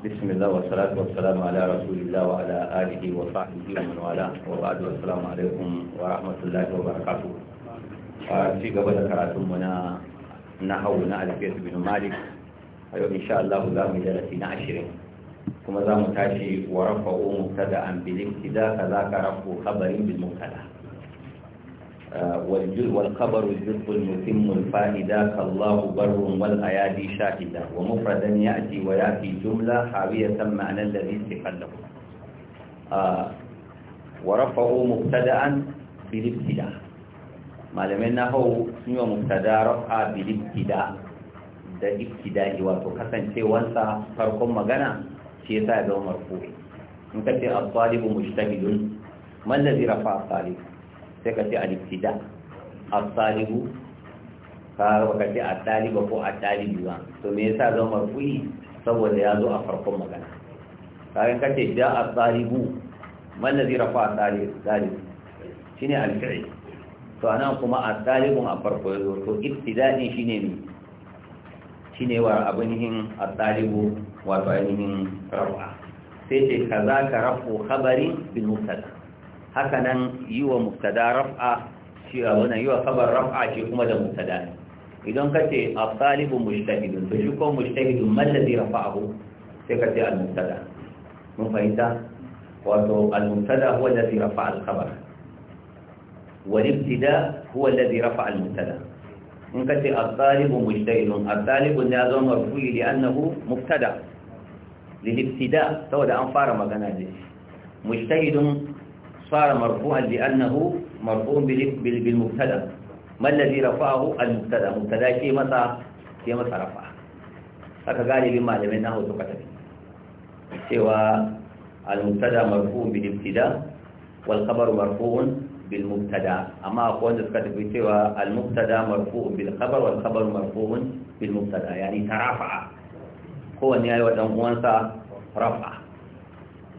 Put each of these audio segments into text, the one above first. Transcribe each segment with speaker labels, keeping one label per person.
Speaker 1: بسم الله والصلاة والسلام على رسول الله وعلى آله وصحبه ومن والاه وبعد والسلام عليكم ورحمة الله وبركاته في قبل كراتمنا نحونا على بيت بن مالك أيوة إن شاء الله لا مجالسين عشرين كما زام تاشي ورفعوا مبتدأ بالابتداء كذاك رفع خبر بالمبتدأ والجل والخبر الجزء المتم الفائدة كالله بر والأيادي شاهدة ومفردا يأتي ويأتي جملة حاوية معنى الذي استقل ورفعوا مبتدا بالابتداء malamin nahawu sun yi wa mubtada rafa bil ibtida da ibtida'i wato kasancewarsa farkon magana shi yasa ya zama marfu in kace as-salihu mujtahidun man rafa as sai ka ce al-ibtida as-salihu ka baka ce at ko at-talibi ba to me yasa zama marfu'i saboda ya zo a farkon magana kayan kace ja as-salihu man ladhi rafa as-salih shine al-fi'l to anan kuma as-salihun a farko yazo to ibtida'in shine ne shine wa abinihin as-salihu wato ainihin rafa sai ce kaza ka rafu khabari bil mubtada haka nan yi wa mubtada raf'a shi a wannan yi wa khabar raf'a shi kuma da mubtada idan ka ce asalibu mujtahidun to shi ko mujtahidun man ladhi rafa'ahu sai kace ce al-mubtada mun fahimta wato al-mubtada huwa alladhi rafa'a al-khabar wal ibtida huwa alladhi rafa'a al-mubtada in ka ce asalibu mujtahidun asalibu ne ya zama marfu'i li'annahu mubtada lil ibtida saboda an fara magana da shi mujtahidun صار مرفوعا لأنه مرفوع بالمبتدا ما الذي رفعه المبتدا مبتدا شيء متى شيء متى رفع هكا غالبا ما لم ينهو تكتب سوى المبتدا مرفوع بالابتداء والخبر مرفوع بالمبتدا أما أقول تكتب سوى المبتدا مرفوع بالخبر والخبر مرفوع بالمبتدا يعني ترافع هو النهاية ودنقوانسا رفع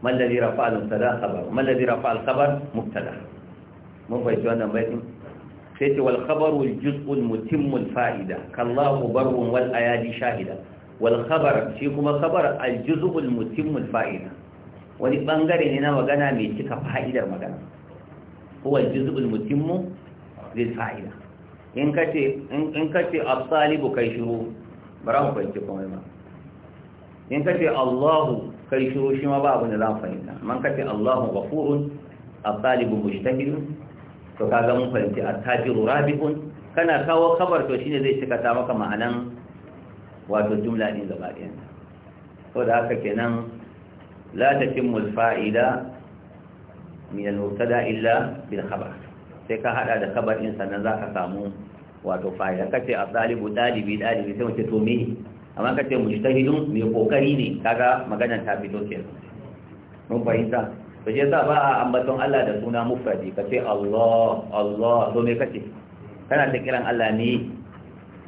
Speaker 1: man ladhi rafa'a al-mubtada khabar man ladhi rafa'a al-khabar mubtada mun fahimci wannan baitin sai ce wal khabaru al-juz'u al-mutimmu al-fa'ida kallahu barrun wal ayadi shahida wal khabar shi kuma khabar al-juz'u al-mutimmu al-fa'ida wani bangare ne na magana mai cika fa'idar magana huwa al-juz'u al-mutimmu lil-fa'ida in kace in kace at-talibu kai shuru bara mu fahimci komai ma in ka ce Allahu kai shiro shi ma ba abin da za mu fahimta man ka ce Allahu ghafurun at-talibu mujtahidun to kaga mun fahimci at-tajiru rabi'un kana kawo kabar to shine zai cika ta maka ma'anan wato jumla din gaba ɗayan to da haka kenan la ta al-fa'ida min al-mubtada illa bil khabar sai ka hada da kabar din sannan ka samu wato fa'ida kace at-talibu dalibi dalibi sai mu ce to me amma ka ce mujtahidun mai kokari ne kaga maganar ta fito kenan mun fahimta to shi yasa ba a ambaton Allah da suna mufradi ka ce Allah Allah to me kace kana ta kiran Allah ne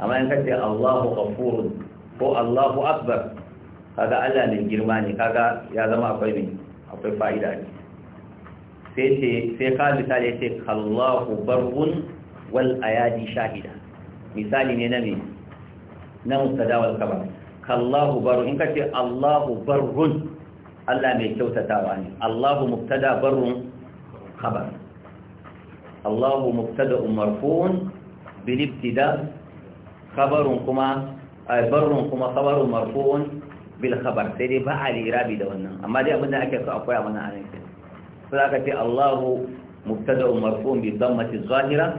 Speaker 1: amma in ka ce Allahu ghafurun ko Allahu akbar kaga Allah ne girma ne kaga ya zama akwai ne akwai fa'ida ne sai ce sai ka misali ce kallahu barrun wal ayadi shahida misali ne na me na mustada wal kabar kallahu baru in ka ce Allahu barrun Allah mai kyautatawa ne Allahu mubtada barrun khabar Allahu mubtada eh, marfu'un bil ibtida khabarun kuma ay barrun kuma khabarun marfu'un bil sai dai ba a lirabi da wannan amma dai abinda ake so akwai a wannan anan sai aka ce Allahu mubtada marfu'un bi dhammati zahira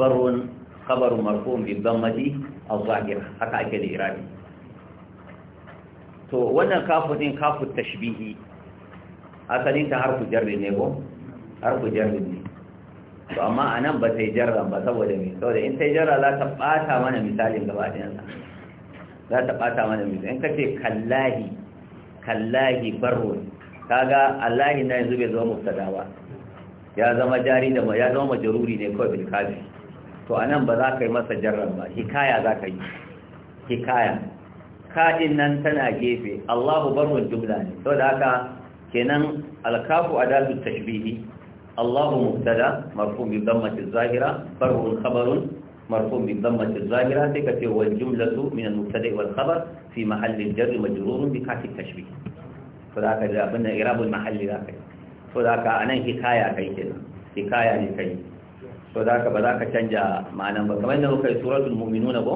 Speaker 1: barrun khabarun marfu'un bi dhammati al haka ake da irabi to wannan kafu din kafu tashbihi asalin ta harfu jarri ne ko harfu jarri ne to amma anan ba sai jarra ba saboda me saboda in sai jarra za ta bata mana misalin gaba ɗayan za ta bata mana misalin in kace kallahi kallahi barru kaga allahi na yanzu bai zama mubtada ba ya zama jari da ya zama majruri ne kawai bil kafi to a nan ba za ka yi masa jarrar ba hikaya za ka yi hikaya ka'in nan tana gefe allahu barwar jumla ne sau da haka kenan alkafu a datu tashbihi allahu mubtada marfum bi dhammati zahira barwar khabarun مرفوع بالضمة الظاهرة تكتب والجملة من المبتدأ والخبر في محل الجر مجرور بكاف التشبيه فذاك إذا قلنا إراب المحل ذاك فذاك أنا حكاية كي كذا حكاية لكي so da ba za ka canja ma'anan ba kamar yadda muka yi suratul mu'minun ba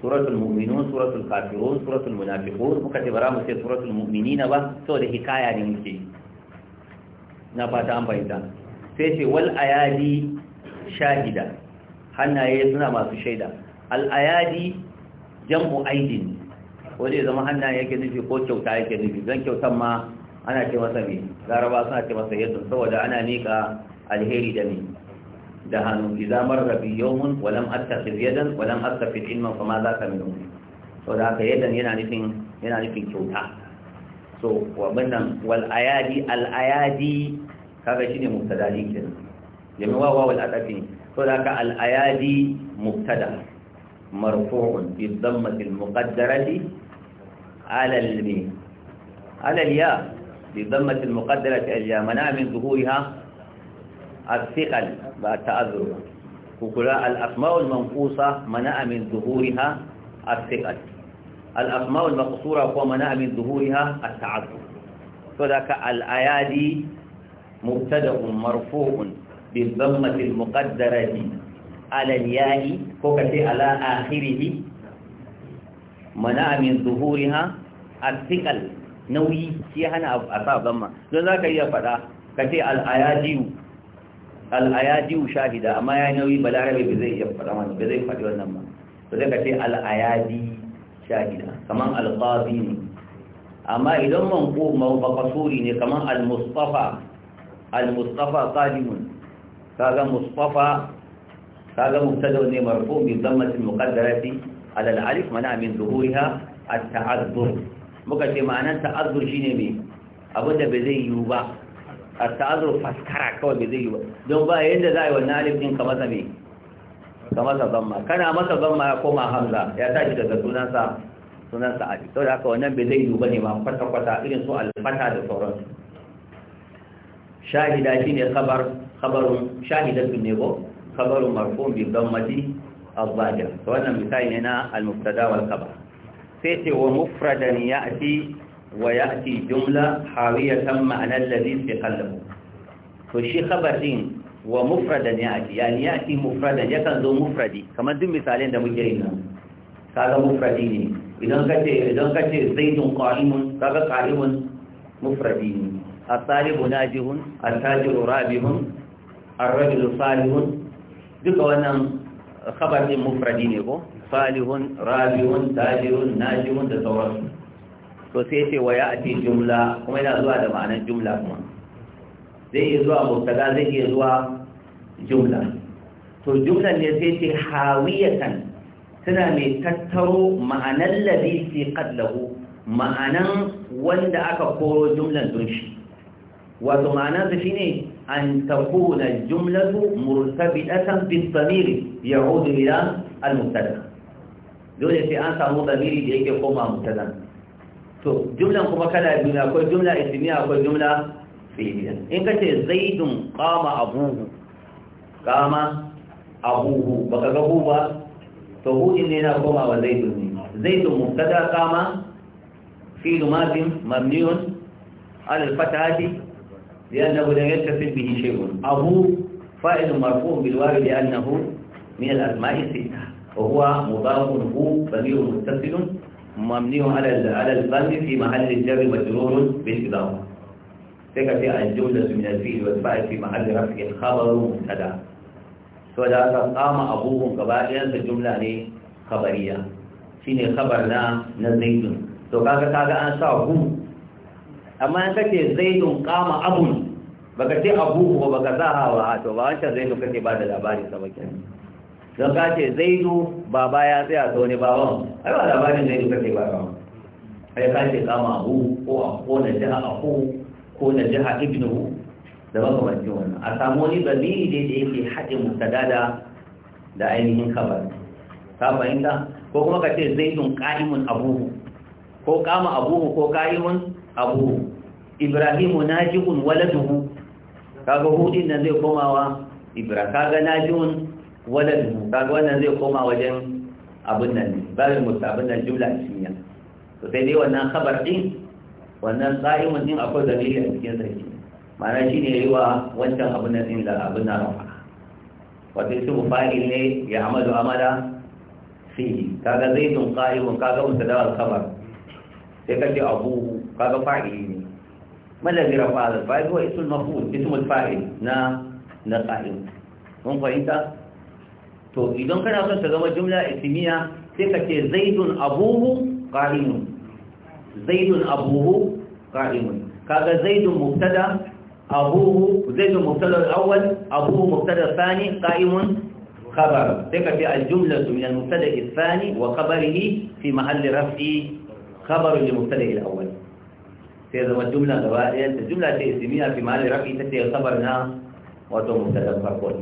Speaker 1: suratul mu'minun suratul kafirun suratul munafiqun muka ce bara mu ce suratul mu'minina ba saboda hikaya ne muke na fata an fahimta sai ce wal ayadi shahida hannaye suna masu shaida al ayadi jam'u aidin wanda zama hannaye yake nufi ko kyauta yake nufi zan kyautan ma ana ce masa me laraba suna ce masa yadda saboda ana nika alheri da ni da hannu idza marra bi yawmin wa lam attakhidh yadan wa lam attakhidh ilman fa ma za ka min umri so da haka yadan yana nufin yana nufin kyauta so wannan wal ayadi al ayadi kaga shine mubtada ne kenan jami'a wa wal adafi so da haka al ayadi mubtada marfu'un bi dhammati al muqaddarati ala al mi ala al ya bi dhammati al muqaddarati al ya mana min zuhuriha الثقل ba ta'azzur ba ku kula al-asma'ul manqusa mana'a min zuhuriha as-siqat al-asma'ul maqsura ko mana'a min zuhuriha at-ta'azzur to da ka al-ayadi mubtada'un marfu'un bi dhammati al-muqaddarati ala al-ya'i ko kace ala akhirih mana'a min zuhuriha as-siqal nauyi shi hana a sa zamma don za ka iya faɗa kace ce al'ayadiyu al'ayadiyu shahida amma ya nauyi balarabe ba zai iya faɗa wani ba zai faɗi wannan ba to zai ka ce al'ayadi shahida kaman alƙazi ne amma idan man koma bakasuri ne kamar al-mustafa al-mustafa qadimun kaga mustafa kaga mubtada ne marfu bi dhammati muqaddarati ala al-alif mana min zuhuriha at-ta'azzur muka ce ma'anar ta'azzur ne me abinda bai zai yiwu ba a ta'azur faskara kawai bai zai yi ba don ba yadda za a yi wannan alif ɗin ka masa mai ka masa kana masa zamma ya koma hamza ya tashi daga sunansa sunansa alif sau da haka wannan bai zai yi ba ne ba kwata-kwata irin su alfata da sauransu shahida shine khabar khabarun shahidatun ne ko khabarun marfu'un bi dhammati al-zahira to wannan misali ne na al-mubtada wal khabar sai ce wa mufradan ya'ti wa ya'ti jumla hawiyatan ma'ana alladhi istiqallahu to shi khabar din wa mufradan ya'ti yani ya'ti mufradan yakan zo mufradi kamar duk misalin da muke yi nan kaga mufradi ne idan kace idan kace zaidun qa'imun kaga qa'imun mufradi ne as-salibu najihun at-tajiru rabihun ar duka wannan khabar din ne ko salihun rabihun tajirun najihun da sauransu to sai ce wa ya'ti jumla kuma yana zuwa da ma'anar jumla kuma zai iya zuwa mubtada zai iya zuwa jumla to jumla ne sai ce hawiyatan suna mai tattaro ma'anar ladhi siqat lahu ma'anan wanda aka koro jumlan don shi wato ma'anar da shine an takuna jumlatu murtabitatan bis samiri ya'udu ila al-mubtada dole sai an samu zamiri da yake koma mubtada to jumlan kuma kana biyu akwai jumla ismiya akwai jumla fi'liya in ka ce zaidun qama abuhu qama abuhu baka ga hu ba to hu din ne na koma wa zaidun ne zaidun mubtada qama fi'l madin mabniun ala al-fatahati لأنه لا يتصل به شيء أبوه فائل مرفوع بالواو لأنه من الأسماء الستة وهو مضاف هو ضمير متصل mamni على ala al-fasl fi mahall al-jar majrur bil sai ka an jumla su min al-fi'l wa fa'il fi mahall to da aka kama abuhun gabaɗayan sa jumla ne khabariya shine khabar na na zaidun to kaga kaga an sa hu amma an kace zaidun kama abun baka ce abuhu ba baka zaha wa to ba wancan zaidun kake ba da labari sama kenan don ka ce zaidu baba ya tsaya ta wani baban ai ba labarin zaidu kake ba wani ai ka ce kama abu ko a ko na jiha aku ko na jiha ibnu da makamancin wannan a samu wani mini dai da yake haɗe mutadada da ainihin kabar ka fahimta ko kuma ka ce zaidun ka'imun abuhu ko kama abuhu ko ka'imun abuhu ibrahimu najihun waladuhu kaga hudin nan zai komawa ibra kaga najihun Ka kaga wannan zai koma wajen abin nan ne babin abin nan jumla ismiya to sai dai wannan khabar din wannan sa'imun din akwai dalili a cikin sarki ma'ana shine yi wa wancan abin nan din da abin nan rafa wato shi fa'il ne ya amalu amala Ka kaga zaidun qa'imun kaga mutadawal khabar sai kace abu kaga fa'il ne malazi ra al-fa'il wa ismul maf'ul ismul fa'il na na qa'im mun fahimta to idan kana son ta zama jumla ismiya sai ka ce zaidun abuhu qa'imun zaidun abuhu qa'imun kaga zaidun mubtada abuhu zaidun mubtada al-awwal abuhu mubtada thani qa'imun khabar sai ka ce al-jumlatu min al-mubtada ath-thani wa khabarihi fi mahalli raf'i khabaru li-mubtada al-awwal sai zama jumla gaba ɗaya ta jumla ta ismiya fi mahalli raf'i ta ce khabar na wato mubtada farko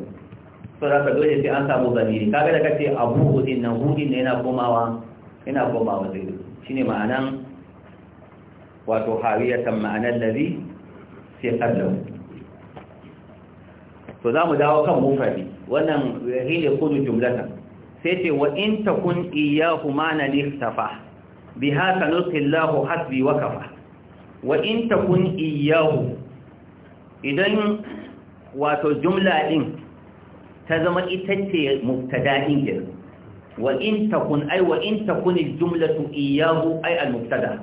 Speaker 1: so da ka dole sai an samu zamiri kaga da kace abu hudin nan hudin ne yana komawa yana komawa zai shine ma'anan wato hawiyatan ma'anan ladhi sai qallu to za mu dawo kan mufradi wannan hile kudu jumlatan sai ce wa in takun iyyahu ma'ana lihtafa biha kanullahu hasbi wa kafa wa in takun iyyahu idan wato jumla din ta zama ita ce "Muftada din ke wa in takun ai wa in takun jumlatu iyyahu ai al mubtada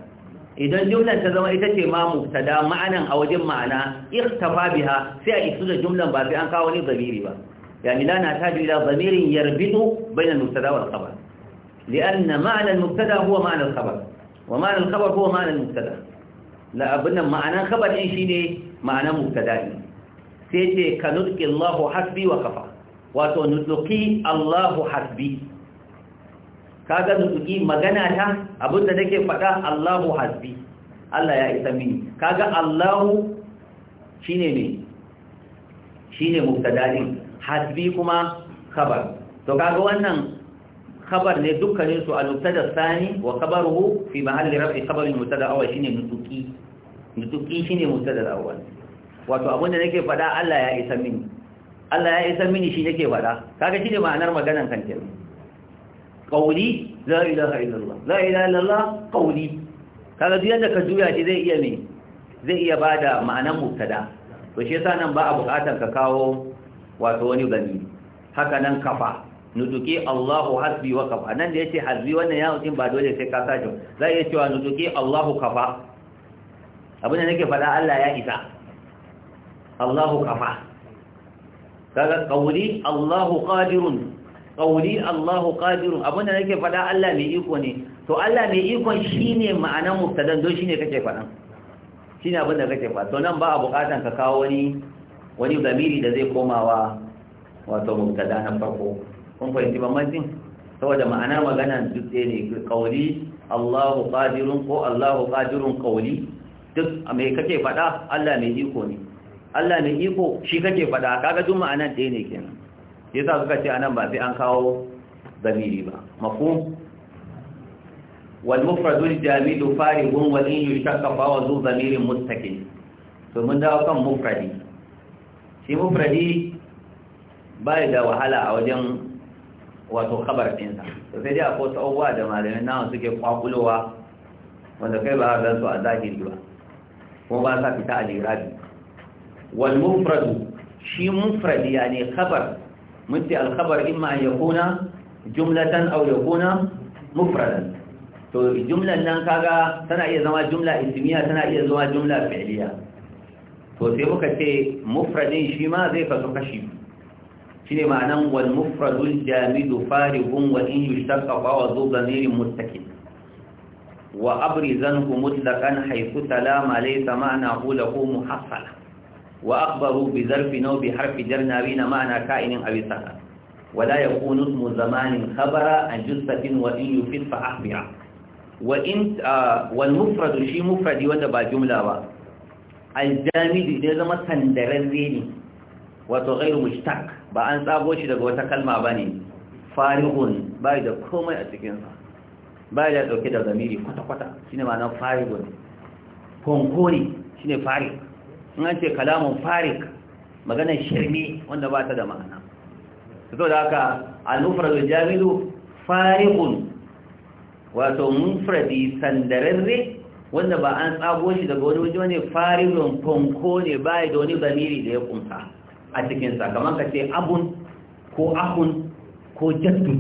Speaker 1: idan jumlan ta zama ita ce ma muftada, ma'anan a wajen ma'ana irtafa biha sai a isu da jumlan ba sai an kawo ni zamiri ba yani la nataju ila zamirin yarbitu bayna al mubtada wal khabar لأن معنى المبتدا هو معنى الخبر ومعنى الخبر هو معنى المبتدا لا أبنا معنى خبر إن شيني معنى مبتدا سيتي كنطق الله حسبي وكفى wato nutuki Allahu hasbi kaga nutuki magana ta abinda nake faɗa Allahu hasbi Allah ya isa mini kaga Allahu shine ne shine mubtada hasbi kuma khabar to kaga wannan khabar ne dukkanin su al-mubtada thani wa khabaruhu fi mahalli raf'i khabar al-mubtada awwal shine nutsuki nutsuki shine mubtada awwal wato abinda nake faɗa Allah ya isa mini Allah ya isar mini shi nake faɗa kaga shine ma'anar maganar kan kenan qawli la ilaha illallah la ilaha illallah qawli kaga duk yanda ka juya shi zai iya me zai iya bada ma'anar mubtada to shi yasa nan ba a buƙatar ka kawo wato wani gani haka nan kafa nutuki Allahu hasbi wa kafa nan da yace hasbi wannan ya ukin ba dole sai ka sake za iya cewa nutuki Allahu kafa abin da nake faɗa Allah ya isa Allahu kafa kaga qawli Allahu qadirun qawli Allahu qadirun abin da nake faɗa Allah mai iko ne to Allah mai iko shine ma'anar mubtada don shine kake fada shine abin da kake faɗa to nan ba a buƙatan ka kawo wani wani zamiri da zai komawa wato mubtada na farko kun fahimci bambancin saboda ma'ana magana duk ɗaya ne qawli Allahu qadirun ko Allahu qadirun qawli duk mai kake faɗa Allah mai iko ne Allah mai iko shi kake faɗa kaga duk ma'anan ɗaya ne kenan yasa suka ce anan ba sai an kawo zamiri ba mafhum wal mufradu jamidu farihun wal in yushakka fa wa zu zamirin mustaqil to mun dawo kan mufradi shi mufradi bai da wahala a wajen wato kabar sa to sai dai akwai tsawwa da malamin nawa suke kwakulowa wanda kai ba har su a zahiri ba kuma ba sa fita a lirabi wal mufrad shi mufrad yani khabar mutti al khabar imma an yakuna jumlatan aw yakuna mufradan to jumlan nan kaga tana iya zama jumla ismiya tana iya zama jumla fi'liya to sai muka ce mufradin shi ma zai kasu kashi shine ma'anan wal mufradul jamidu farihun wa in yushtaqa wa dhu dhamirin muttakin wa abrizanhu mutlaqan haythu wa akhbaru bi zarfi nawbi harfi jarnawi na ma'ana ka'inin awisaka wa la yakunu ismu zamanin khabara an jussatin wa in yufid fa akhbira wa in wal mufrad shi mufradi wanda ba jumla ba al jamid da zama sandaran zini wato ghairu mushtaq ba an tsago shi daga wata kalma bane farihun ba da komai a cikin ba ya dauke da zamiri kwata kwata shine ma'ana farihun konkori shine farihun in an ce kalamun farik maganar shirme wanda ba ta da ma'ana so da haka al-mufrad jamilu farikun wato mufradi sandararre wanda ba an tsago shi daga wani waje ne farikun fanko ne ba da wani zamiri da ya kunta a cikin sa kamar ka ce abun ko ahun ko jaddu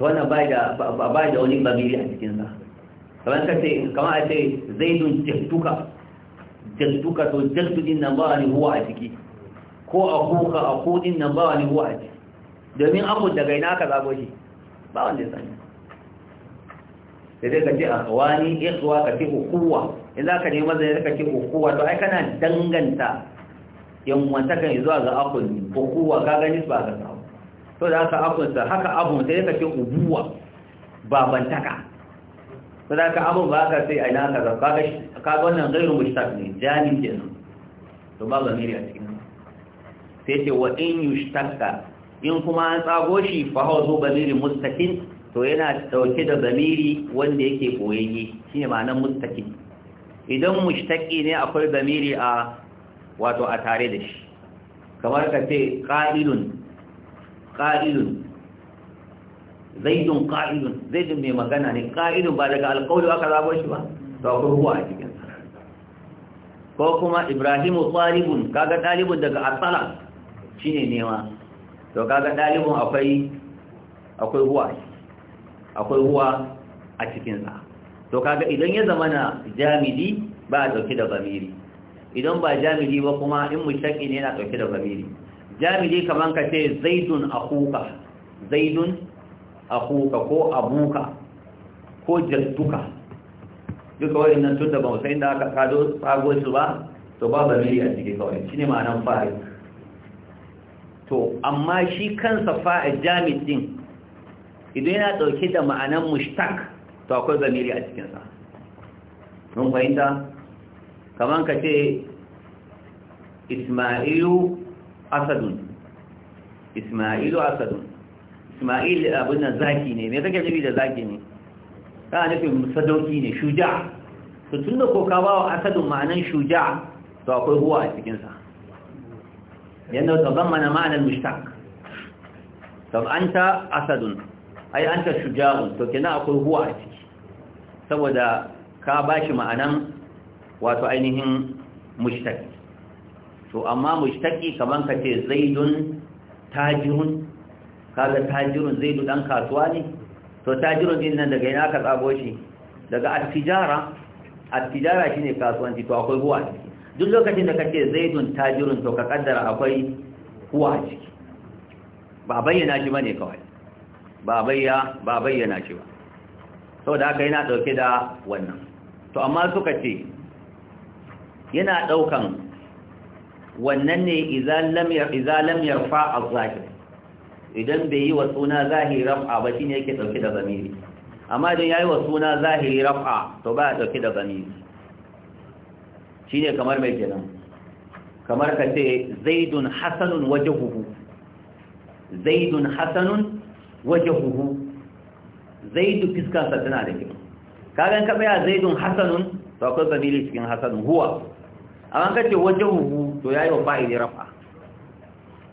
Speaker 1: to wannan ba da ba da wani zamiri a cikin sa kamar ka ce kamar a ce zaidun Jaltuka, to jaltu din nan ba ni huwa a ciki ko a aku din nan ba ni huwa a ciki domin abu daga ina ka zago shi ba wanda ya sani sai dai ka ce a ah, ya ikhwa ka ce in za ka nemi zai ka ce hukuwa to ai kana danganta yan wantakan zuwa ga akun hukuwa ka gani ba ka samu to da haka akun sa haka abun sai ka ce ubuwa babantaka kada ka abun ba ka sai aina ka ka ga ka ga wannan gairu mushtaq ne jani nan? to ba zamiri a cikin sai ce wa in yushtaqqa in kuma an tsago shi fa huwa zu zamiri mustaqim to yana dauke da zamiri wanda yake boyayye shine nan mustaqim idan mushtaqi ne akwai zamiri a wato a tare da shi kamar ka ce qa'ilun qa'ilun zaidun qa'ilun zaidun mai magana ne qa'ilun ba daga alqawli aka zabo shi ba to akwai ruwa a cikin ko kuma ibrahimu talibun kaga ɗalibun daga asala shine nema to kaga ɗalibun akwai akwai ruwa akwai ruwa a cikin sa to kaga idan ya zamana jamidi ba a dauke da zamiri idan ba jamidi ba kuma in mushtaqi ne yana dauke da zamiri jamidi kaman ka ce zaidun akuka zaidun akuka ko abuka ko jadduka duka wayannan tun da ba sai inda aka kado sago su ba to ba zamiri a cikin kawai shine ma'anan fa'il to amma shi kansa fa'il jami' din idan yana dauke da ma'anan mushtaq to akwai zamiri a cikin sa mun fahimta kaman ka ce Isma'ilu Asadun Isma'ilu Asadun ismail abin nan zaki ne me kake nufi da zaki ne kana nufin sadauki ne shuja Tun da ko ka ba wa asadun ma'anin shuja to akwai huwa a cikinsa. yadda cikin sa yana tazammana ma'anan mushtaq an ta asadun ai an ta shuja'un to kina akwai huwa a ciki saboda ka bashi ma'anan wato ainihin mushtaq to amma mushtaqi kaman kace zaidun tajirun kaga tajirun zaidu dan kasuwa ne to tajirun din nan daga ina aka tsabo shi daga attijara attijara shine kasuwanci to akwai huwa duk lokacin da kace zaidun tajirun to ka kaddara akwai huwa ciki ba bayyana shi bane kawai ba bayya ba bayyana shi ba saboda haka yana dauke da wannan to amma suka ce yana daukan wannan ne idan lam yarfa az-zahir idan bai yi wa suna zahiri raf'a ba shine yake dauke da zamiri amma idan yayi wa suna zahiri raf'a to ba ya dauke da zamiri shine kamar mai kenan kamar ka ce zaidun hasanun wajhuhu zaidun hasanun wajhuhu zaidu fiskansa tana da kyau kagan ka baya zaidun hasanun to akwai zamiri cikin hasanun huwa amma kace wajhuhu to yayi wa fa'ili raf'a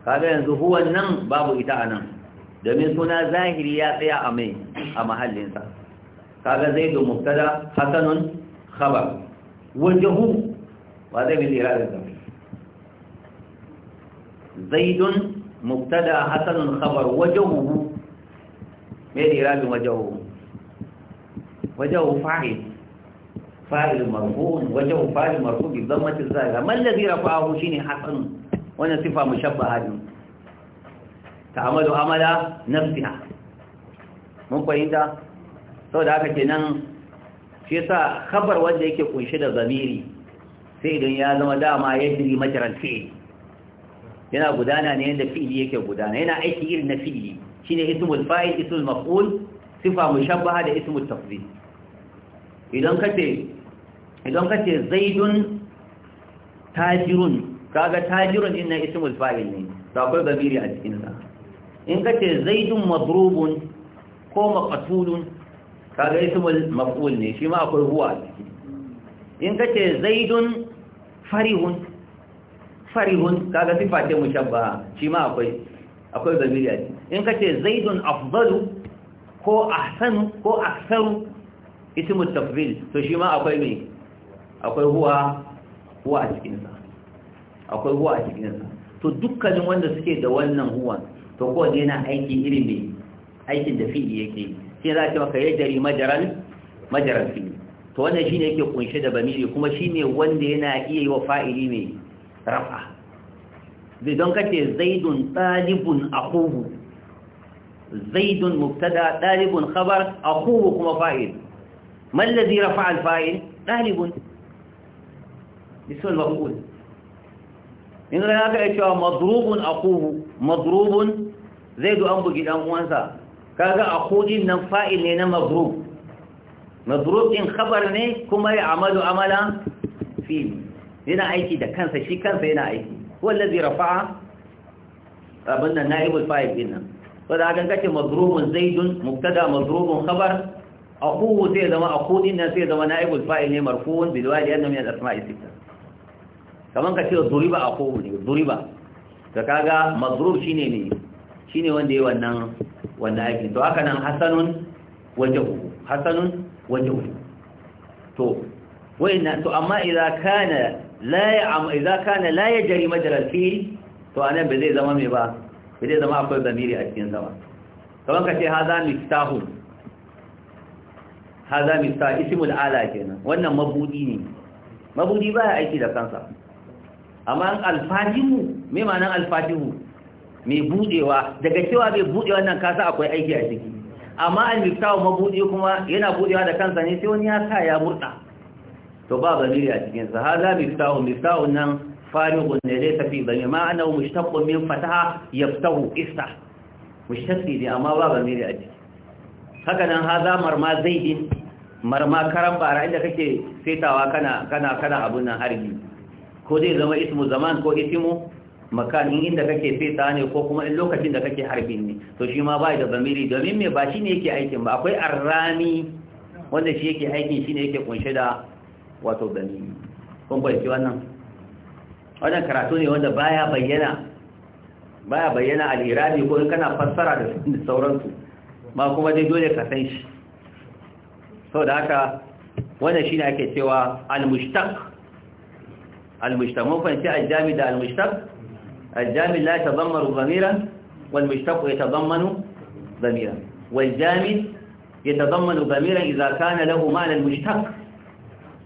Speaker 1: kaga yanzu huwan nan babu ita a nan domin suna zahiri ya tsaya a mai a mahallinsa kaga zai da muktada hasanun khabar hu? wa zai mai lirarin Zai zaidun muktada hasanun khabar wajahu mai hu waje hu? fa'il fa'il marfu hu fa'il marfu bi dhammati zahira man ladhi rafa'ahu shine hasanun wannan sifa mushabbaha ne ta'amalu amala nafsiha mun fahimta da haka kenan shi yasa khabar wanda yake kunshi da zamiri sai idan ya zama dama yadri majaral fi'l yana gudana ne yadda fi'ili yake gudana yana aiki irin na fi'ili shine ismul fa'il ismul maf'ul sifa mushabbaha da ismul tafdhil idan kace idan kace zaidun tajirun kaga tajirun din na ismul fa'il ne to akwai gamiri a cikin sa in kace zaidun madrubun ko maqtulun kaga ismul maf'ul ne shi ma akwai huwa in kace zaidun farihun farihun kaga sifa ce mushabbaha shi ma akwai akwai gamiri a cikin in kace zaidun afdalu ko ahsanu ko aktharu ismul tafdil to shi ma akwai me akwai huwa huwa a cikin sa akwai huwa a cikinsa to dukkanin wanda suke da wannan huwan to kowane yana aiki irin ne aikin da fi'i yake sai za ta maka yajari majaran majaran fi'i to wannan shi ne yake kunshe da bamiri kuma shi ne wanda yana iya yi wa fa'ili mai rafa zai don kace zaidun talibun akuhu zaidun mubtada talibun khabar akuhu kuma fa'il man ladhi rafa'a al-fa'il talibun bisul maf'ul in zai haka ya cewa madrubun akuhu madrubun zai du an bugi dan uwansa kaga akudin nan fa'il ne na madrub madrub din khabar ne kuma ya amalu amala fi yana aiki da kansa shi kansa yana aiki wallazi rafa'a abin nan naibul fa'il din nan da hakan kace madrubun zaidun mubtada madrubun khabar akuhu zai zama akudin nan zai zama naibul fa'il ne marfu'un bil wali annahu min al-asma'i sittah kamar ka ce duriba a kowu ne duriba da kaga mazrur shine ne shine wanda yayi wannan wannan aikin to haka nan hasanun wajhu hasanun wajhu to wayna to amma idza kana la ya'am idza kana la yajri majra al to anan bai zai zama me ba bai zama akwai zamiri a cikin zama. ba ka ce hadha miftahun hadha miftah ismul ala kenan wannan mabudi ne mabudi ba ya aiki da kansa amma alfajihu me ma'anar alfajihu mai budewa daga cewa mai budewa nan kasa akwai aiki a ciki amma al ma mabudi kuma yana budewa da kansa ne sai wani ya sa ya murda to ba dalili a cikin sa hada miftahu miftahu nan farigun ne tafi ba. dhamir ma annahu mushtaqqun min fataha yaftahu iftah mushtaqi ne amma ba dalili a ciki haka nan hada marma zaidin marma karan bara inda kake saitawa kana kana kana abun nan harbi ko zai zama ismu zaman ko ismu makan in inda kake fesa ne ko kuma in lokacin da kake harbin ne to shi ma ba da zamiri domin me ba shi ne yake aikin ba akwai arrami wanda shi yake aikin shi ne yake kunshe da wato zamiri kun bayyana wannan wannan karatu ne wanda baya bayyana baya bayyana al iradi ko in kana fassara da sauransu ma kuma dai dole ka san shi saboda haka wannan ne ake cewa al-mushtaq المشتق ممكن شيء الجامد المشتق الجامد لا يتضمن ضميرا والمشتق يتضمن ضميرا والجامد يتضمن ضميرا إذا كان له معنى المشتق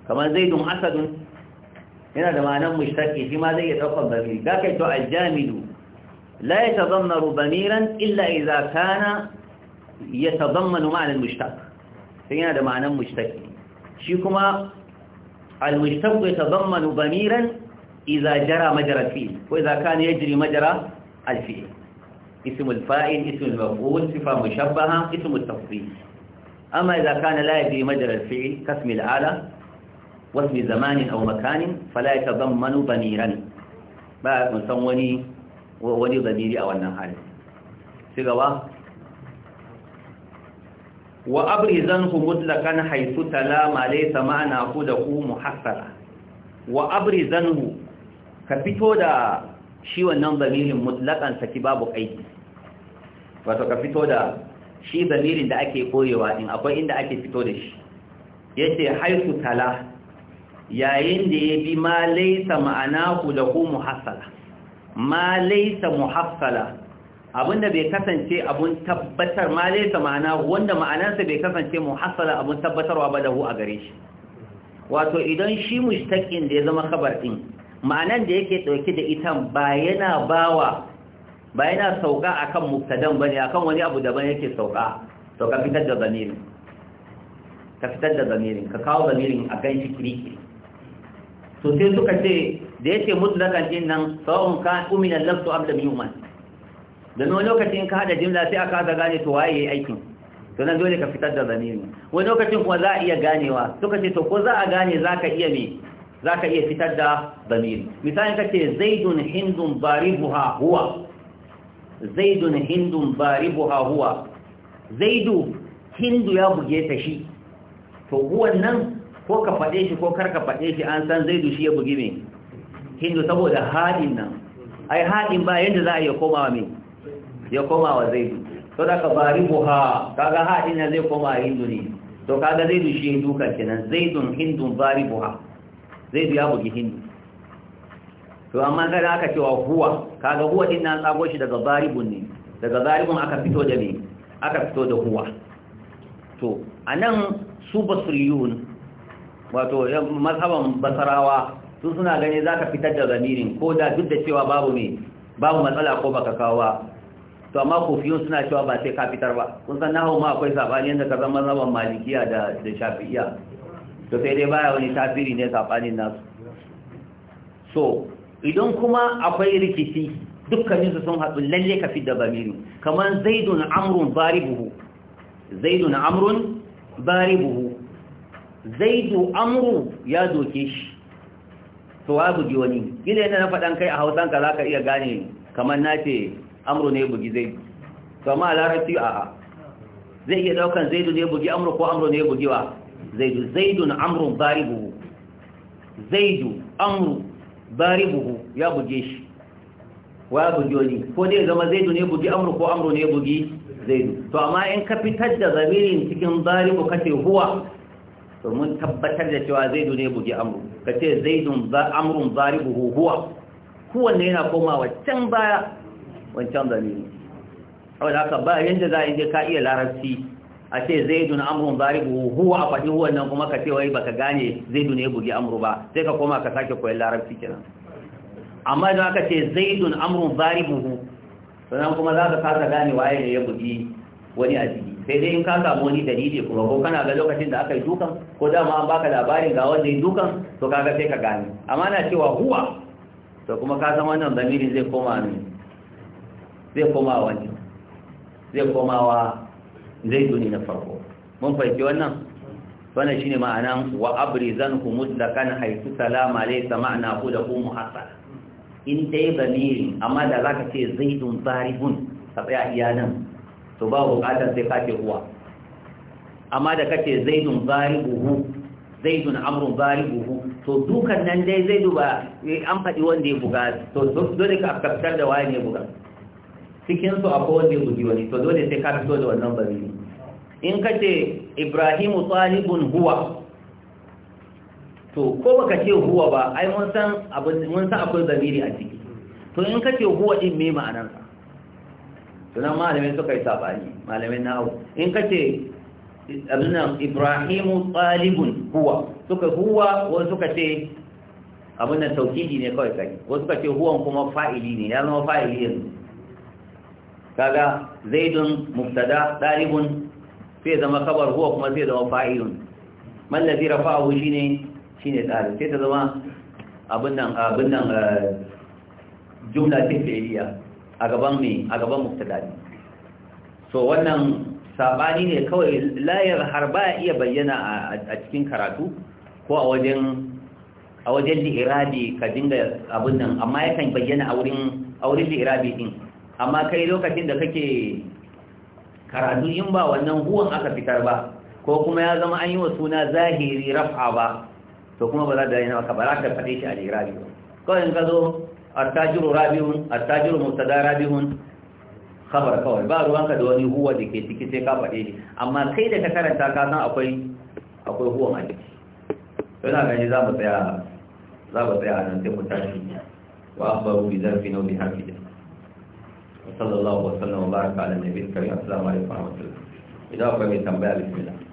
Speaker 1: كما زيد أسد هنا ده معنى مشتق فيما زي يتوقف ضمير ذاك الجامد لا يتضمن ضميرا إلا إذا كان يتضمن معنى المشتق هنا ده معنى مشتق شي كما al-mustaqbi yatadammanu damiran idha jara majra al-fi'l wa idha kana yajri majra al-fi'l ism al-fa'il ism al-maf'ul sifa mushabbaha ism al-tafdhil amma idha kana la yajri majra al-fi'l kasm al-ala wa ism zaman aw makan fala yatadammanu damiran ba musawwani wa wani damiri a wannan hali sigawa wa abrizanhu mutlaqan haythu talama laysa ku mu muhassara wa abrizanhu ka fito da shi wannan zamirin mutlaqan saki babu aiki wato ka fito da shi zamirin da ake koyewa in akwai inda ake fito da shi yace haythu tala yayin da ya bi ma laysa ku mu muhassara ma laysa hasara. abinda bai kasance abun tabbatar ma ta ma'ana wanda ma'anarsa bai kasance mu hasala abun tabbatarwa ba hu a gare shi wato idan shi mushtaqin da ya zama khabar din ma'anan da yake dauke da ita ba yana bawa ba yana sauka akan mubtadan bane akan wani abu daban yake sauka to ka fitar da zamirin ka fitar da zamirin ka kawo zamirin a kan shi kiriki to sai suka ce da yake mutlaqan din nan sawun ka umina lafsu abda min domin wani lokacin ka haɗa jimla sai aka haɗa gane to waye ya yi aikin to nan dole ka fitar da zamiri wani lokacin kuma za a iya ganewa suka ce to ko za a gane za ka iya me za ka iya fitar da zamiri misali ka ce zaidun hindun baribuha huwa zaidun hindun baribuha huwa zaidu hindu ya buge ta shi to huwan nan ko ka faɗe shi ko kar ka faɗe shi an san zaidu shi ya bugi me hindu saboda haɗin nan ai haɗin ba yadda za a iya komawa mai ya koma wa zaidu to da ka bari kaga ha ina zai koma hindu ne to kaga zaidu shi hindu kan kenan zaidun hindun bari buha zaidu ya bugi hindu to amma kada aka cewa huwa kaga huwa din nan tsago shi daga baribun ne daga baribun aka fito da me aka fito da huwa to anan su basriyun wato mazhaban basarawa su suna gani zaka fitar da zamirin ko da duk da cewa babu me babu matsala ko baka kawo to amma kofiyun suna cewa ba sai ka fitar ba kun san hau ma akwai sabani yadda ka zama zaman malikiya da da shafi'iya to sai dai baya wani tafiri ne sabanin nasu so idan kuma akwai rikici dukkanin su sun hatsu lalle ka da bamiru kamar zaidun amrun baribuhu zaidun amrun baribuhu zaidu amru ya doke shi to wa buji wani gina da na faɗan kai a hausanka za ka iya gane kamar na ce amru ne bugi zaidu to amma larabci a'a zai iya daukan zaidu ne bugi amru ko amru ne bugi wa zaidu zaidun amrun baribuhu zaidu amru baribuhu ya buge shi wa bugi wani ko dai zama zaidu ne bugi amru ko amru ne bugi zaidu to amma in ka fitar da zamirin cikin baribu kace huwa to mun tabbatar da cewa zaidu ne bugi amru kace zaidun ba amrun baribuhu huwa kowanne yana komawa can baya wancan zamiri wadda haka ba yadda za a ka iya larabci a ce zai zaidun amrun zaribu huwa a faɗi wannan kuma ka ce wai baka gane zai duna ya bugi amru ba sai ka koma ka sake koyar larabci kenan amma idan aka ce zai zaidun amrun zaribu sannan kuma za ka kasa gane waye ne ya bugi wani a jiki sai dai in ka samu wani dalili kuma ko kana ga lokacin da aka yi dukan ko dama an baka labarin ga wanda ya dukan to kaga sai ka gane amma na cewa huwa to kuma ka san wannan zamirin zai koma ne zai koma wani zai koma wa zai duni na farko mun fahimci wannan wannan shine ma'anan wa abrizan hu mutlaqan haythu salama laysa ma'na hu lahu muhassal in dai zamiri amma da zaka ce zaidun zarihun ka tsaya iya nan to ba bukatar sai kace huwa amma da kace zaidun zarihu zaidun amrun zarihu to dukan nan dai zaidu ba eh, an faɗi wanda ya buga to dole ka kaftar da waye ne buga cikin su akwai wanda ya bugi wani to dole sai ka fito da wannan ne. in ka ce Ibrahim Tsalibun huwa to ko baka ce huwa ba ai mun san abin mun san akwai zamiri a ciki to in ka ce huwa din me ma'anar sa nan malamai suka yi sabani malamai na hau in ka ce abin nan ibrahimu huwa suka huwa wani suka ce abin nan taukidi ne kawai kai wasu suka ce huwan kuma fa'ili ne ya zama fa'ili yanzu kaga zaidun mubtada dalibun sai zama kabar huwa kuma sai zama fa'ilun man ladhi rafa'ahu shine shine dalil sai ta zama abin nan abin nan eh, jumla ce fi'liya a gaban me a gaban mubtada so wannan sabani ne kawai layar har ba iya bayyana a cikin karatu ko a wajen a wajen li'irabi ka dinga abin nan amma yakan bayyana a wurin a wurin li'irabi din amma kai lokacin da kake karatu in ba wannan huwan aka fitar ba ko kuma ya zama an yi wa suna zahiri raf'a ba to kuma ba za da yana ka bara za ka faɗe shi a jirabi ba kawai in ka zo attajiru rabihun attajiru mustada rabihun khabar kawai ba ruwanka da wani huwa da ke ciki sai ka faɗe shi amma kai da ka karanta ka san akwai akwai huwan a ciki to na gani za mu tsaya za mu tsaya a nan sai mu tashi wa akhbaru bi zarfi nawi hafida sallallahu alaihi wa wa baraka ala nabiyyi karim assalamu alaikum wa rahmatullah idan akwai mai tambaya bismillah